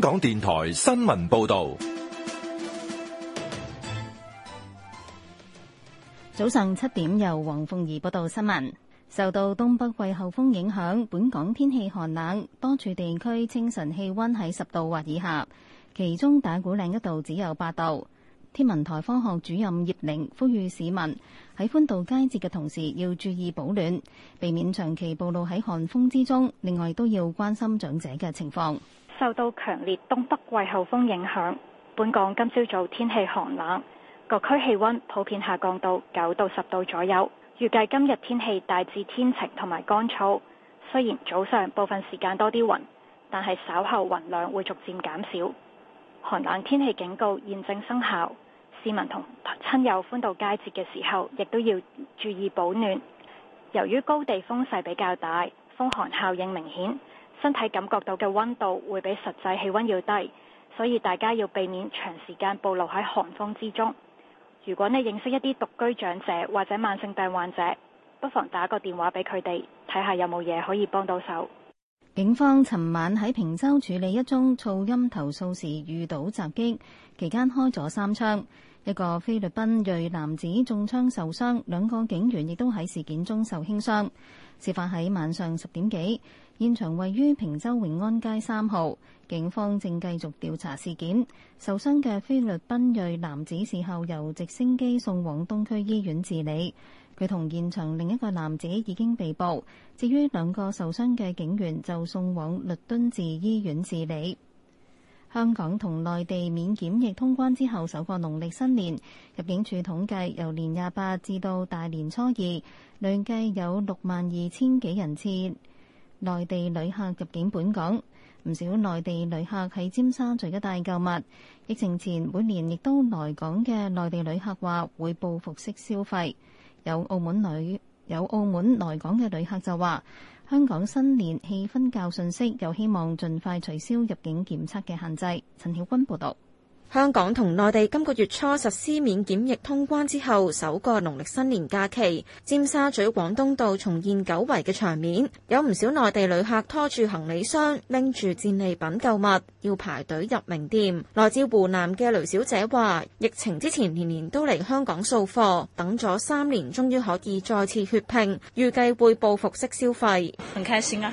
港電台新聞報道，早上七點由黃鳳儀報道新聞。受到東北季候風影響，本港天氣寒冷，多處地區清晨氣溫喺十度或以下，其中打鼓嶺一度只有八度。天文台科學主任葉玲呼籲市民喺歡度佳節嘅同時，要注意保暖，避免長期暴露喺寒風之中。另外，都要關心長者嘅情況。受到強烈東北季候風影響，本港今朝早天氣寒冷，各區氣溫普遍下降到九到十度左右。預計今日天氣大致天晴同埋乾燥，雖然早上部分時間多啲雲，但係稍後雲量會逐漸減少。寒冷天氣警告現正生效，市民同親友歡度佳節嘅時候，亦都要注意保暖。由於高地風勢比較大，風寒效應明顯。身體感覺到嘅溫度會比實際氣温要低，所以大家要避免長時間暴露喺寒風之中。如果你認識一啲獨居長者或者慢性病患者，不妨打個電話俾佢哋，睇下有冇嘢可以幫到手。警方尋晚喺坪洲處理一宗噪音投訴時遇到襲擊，期間開咗三槍，一個菲律賓裔男子中槍受傷，兩個警員亦都喺事件中受輕傷。事發喺晚上十點幾，現場位於坪洲永安街三號。警方正繼續調查事件，受傷嘅菲律賓裔男子事後由直升機送往東區醫院治理。佢同現場另一個男子已經被捕。至於兩個受傷嘅警員就送往律敦治醫院治理。香港同內地免檢疫通關之後，首個農曆新年，入境處統計由年廿八至到大年初二，累計有六萬二千幾人次。內地旅客入境本港，唔少內地旅客喺尖沙咀一帶購物。疫情前每年亦都來港嘅內地旅客話會報復式消費。有澳門女有澳門來港嘅旅客就話，香港新年氣氛較順息，又希望盡快取消入境檢測嘅限制。陳曉君報道。香港同內地今個月初實施免檢疫通關之後，首個農曆新年假期，尖沙咀廣東道重現久違嘅場面，有唔少內地旅客拖住行李箱拎住戰利品購物，要排隊入名店。來自湖南嘅雷小姐話，疫情之前年年都嚟香港掃貨，等咗三年，終於可以再次血拼，預計會報復式消費，好開心啊！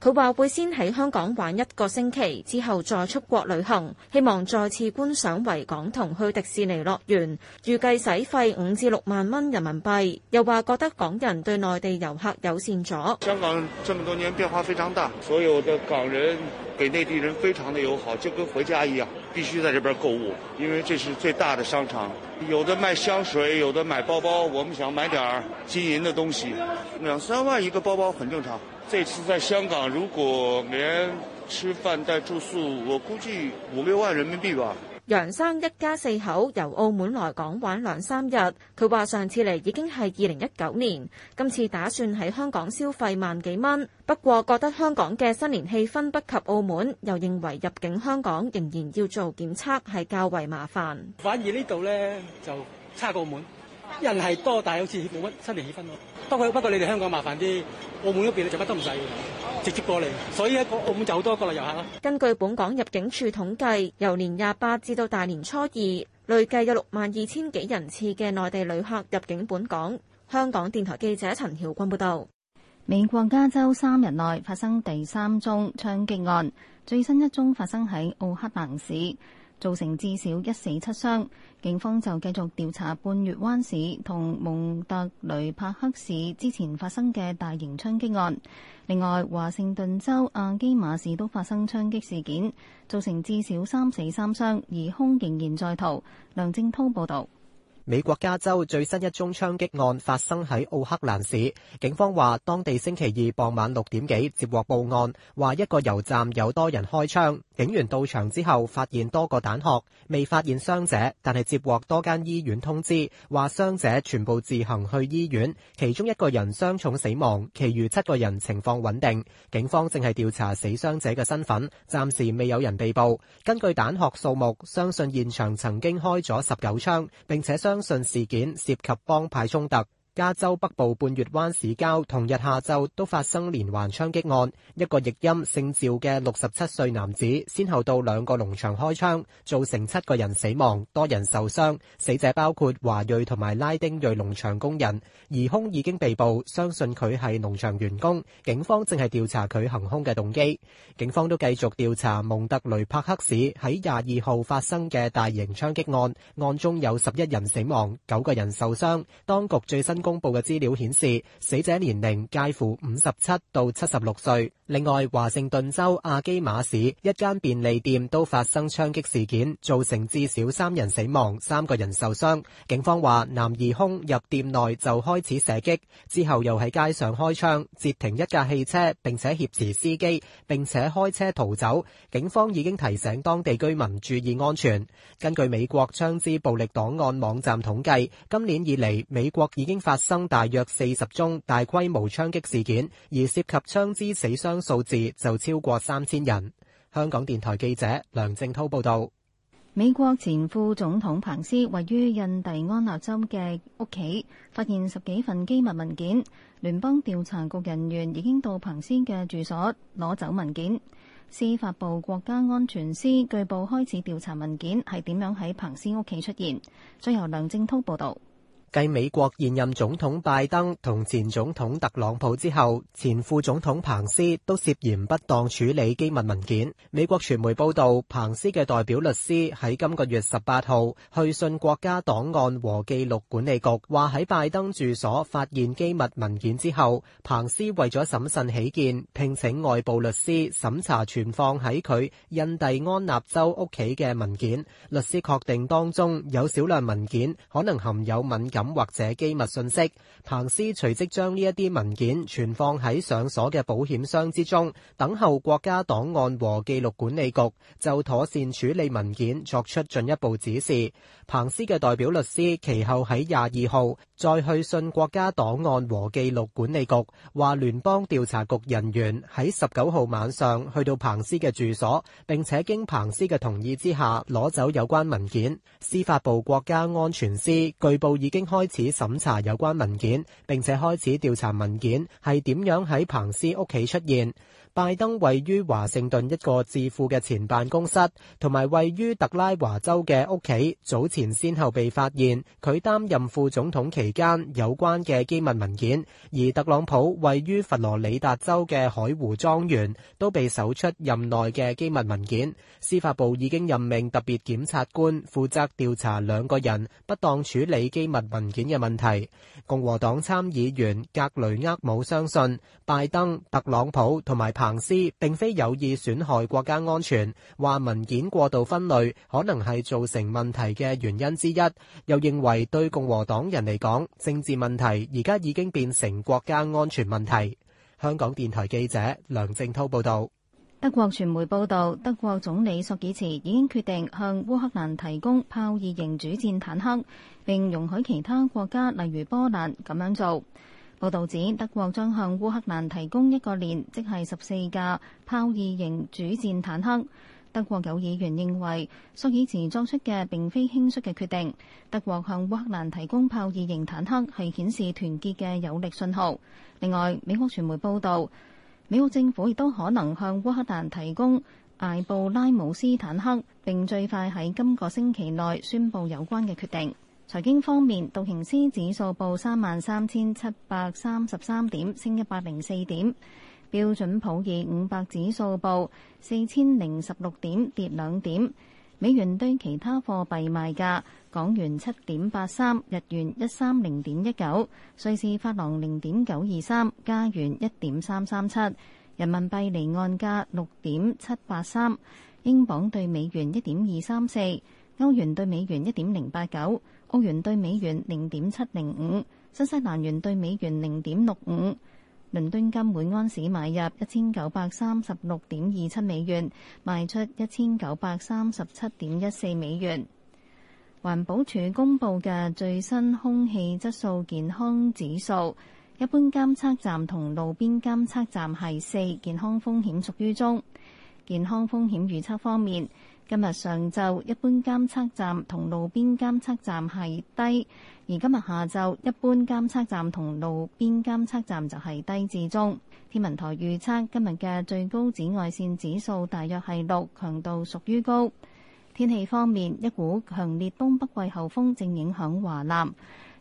佢話會先喺香港玩一個星期，之後再出國旅行，希望再次觀賞維港同去迪士尼樂園，預計使費五至六萬蚊人民幣。又話覺得港人對內地遊客友善咗。香港這麼多年變化非常大，所有的港人俾內地人非常的友好，就跟回家一樣。必須在這邊購物，因為這是最大的商場。有的賣香水，有的買包包。我們想買點金銀的東西，兩三萬一個包包很正常。這次在香港，如果連吃飯帶住宿，我估計五六萬人民幣吧。楊生一家四口由澳門來港玩兩三日，佢話上次嚟已經係二零一九年，今次打算喺香港消費萬幾蚊。不過覺得香港嘅新年氣氛不及澳門，又認為入境香港仍然要做檢測，係較為麻煩。反而呢度咧，就差過澳門。人係多，但係好似冇乜新年氣氛咯。不過不過，你哋香港麻煩啲，澳門嗰邊就乜都唔使，直接過嚟。所以喺澳門就好多國內遊客咯。根據本港入境處統計，由年廿八至到大年初二，累計有六萬二千幾人次嘅內地旅客入境本港。香港電台記者陳曉君報導。美國加州三日內發生第三宗槍擊案，最新一宗發生喺奧克蘭市。造成至少一死七傷，警方就繼續調查半月灣市同蒙特雷帕克市之前發生嘅大型槍擊案。另外，華盛頓州亞基馬市都發生槍擊事件，造成至少三死三傷，疑兇仍然在逃。梁正濤報道。美國加州最新一宗槍擊案發生喺奧克蘭市，警方話當地星期二傍晚六點幾接獲報案，話一個油站有多人開槍。警員到場之後發現多個彈殼，未發現傷者，但係接獲多間醫院通知，話傷者全部自行去醫院，其中一個人傷重死亡，其餘七個人情況穩定。警方正係調查死傷者嘅身份，暫時未有人被捕。根據彈殼數目，相信現場曾經開咗十九槍，並且傷。相信事件涉及幫派衝突。加州北部半月灣市郊同日下晝都發生連環槍擊案，一個譯音姓趙嘅六十七歲男子先後到兩個農場開槍，造成七個人死亡，多人受傷，死者包括華裔同埋拉丁裔農場工人。疑兇已經被捕，相信佢係農場員工，警方正係調查佢行兇嘅動機。警方都繼續調查蒙特雷帕克市喺廿二號發生嘅大型槍擊案，案中有十一人死亡，九個人受傷，當局最新。公布嘅資料顯示，死者年齡介乎五十七到七十六歲。另外，華盛頓州阿基馬市一間便利店都發生槍擊事件，造成至少三人死亡，三個人受傷。警方話，男疑凶入店內就開始射擊，之後又喺街上開槍截停一架汽車，並且挾持司機，並且開車逃走。警方已經提醒當地居民注意安全。根據美國槍支暴力檔案網站統計，今年以嚟美國已經發生大約四十宗大規模槍擊事件，而涉及槍支死傷，數字就超過三千人。香港電台記者梁正濤報道。美國前副總統彭斯位於印第安納州嘅屋企發現十幾份機密文件，聯邦調查局人員已經到彭斯嘅住所攞走文件。司法部國家安全司據報開始調查文件係點樣喺彭斯屋企出現。再由梁正濤報道。繼美國現任總統拜登同前總統特朗普之後，前副總統彭斯都涉嫌不當處理機密文件。美國傳媒報道，彭斯嘅代表律師喺今個月十八號去信國家檔案和記錄管理局，話喺拜登住所發現機密文件之後，彭斯為咗審慎起見，聘請外部律師審查存放喺佢印第安納州屋企嘅文件。律師確定當中有少量文件可能含有敏感。感或者機密信息，彭斯隨即將呢一啲文件存放喺上鎖嘅保險箱之中，等候國家檔案和記錄管理局就妥善處理文件作出進一步指示。彭斯嘅代表律師其後喺廿二號再去信國家檔案和記錄管理局，話聯邦調查局人員喺十九號晚上去到彭斯嘅住所，並且經彭斯嘅同意之下攞走有關文件。司法部國家安全司據報已經。開始審查有關文件，並且開始調查文件係點樣喺彭斯屋企出現。拜登位於華盛頓一個智庫嘅前辦公室，同埋位於特拉華州嘅屋企，早前先後被發現佢擔任副總統期間有關嘅機密文件；而特朗普位於佛羅里達州嘅海湖莊園，都被搜出任內嘅機密文件。司法部已經任命特別檢察官負責調查兩個人不當處理機密文件嘅問題。共和黨參議員格雷厄姆相信，拜登、特朗普同埋行屍並非有意損害國家安全，話文件過度分類可能係造成問題嘅原因之一，又認為對共和黨人嚟講政治問題而家已經變成國家安全問題。香港電台記者梁正濤報道。德國傳媒報道，德國總理朔爾茨已經決定向烏克蘭提供豹二型主戰坦克，並容許其他國家例如波蘭咁樣做。報道指，德國將向烏克蘭提供一個連，即係十四架豹二型主戰坦克。德國有議員認為，索爾茨作出嘅並非輕率嘅決定。德國向烏克蘭提供豹二型坦克，係顯示團結嘅有力信號。另外，美國傳媒報道，美國政府亦都可能向烏克蘭提供艾布拉姆斯坦克，並最快喺今個星期內宣布有關嘅決定。財經方面，道瓊斯指數報三萬三千七百三十三點，升一百零四點。標準普爾五百指數報四千零十六點，跌兩點。美元對其他貨幣賣價：港元七點八三，日元一三零點一九，瑞士法郎零點九二三，加元一點三三七，人民幣離岸價六點七八三，英鎊對美元一點二三四。歐元對美元一點零八九，澳元對美元零點七零五，新西蘭元對美元零點六五。倫敦金每安士買入一千九百三十六點二七美元，賣出一千九百三十七點一四美元。環保署公佈嘅最新空氣質素健康指數，一般監測站同路邊監測站係四，健康風險屬於中。健康風險預測方面，今日上晝一般監測站同路邊監測站係低，而今日下晝一般監測站同路邊監測站就係低至中。天文台預測今日嘅最高紫外線指數大約係六，強度屬於高。天氣方面，一股強烈東北季候風正影響華南，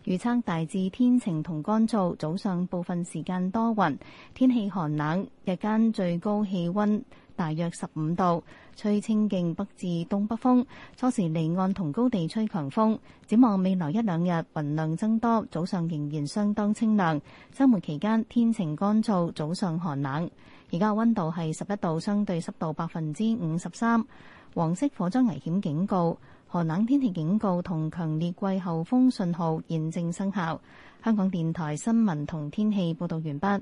預測大致天晴同乾燥，早上部分時間多雲，天氣寒冷，日間最高氣溫大約十五度。吹清勁北至東北風，初時離岸同高地吹強風。展望未來一兩日，雲量增多，早上仍然相當清涼。週末期間天晴乾燥，早上寒冷。而家嘅溫度係十一度，相對濕度百分之五十三。黃色火災危險警告、寒冷天氣警告同強烈季候風信號現正生效。香港電台新聞同天氣報導完畢。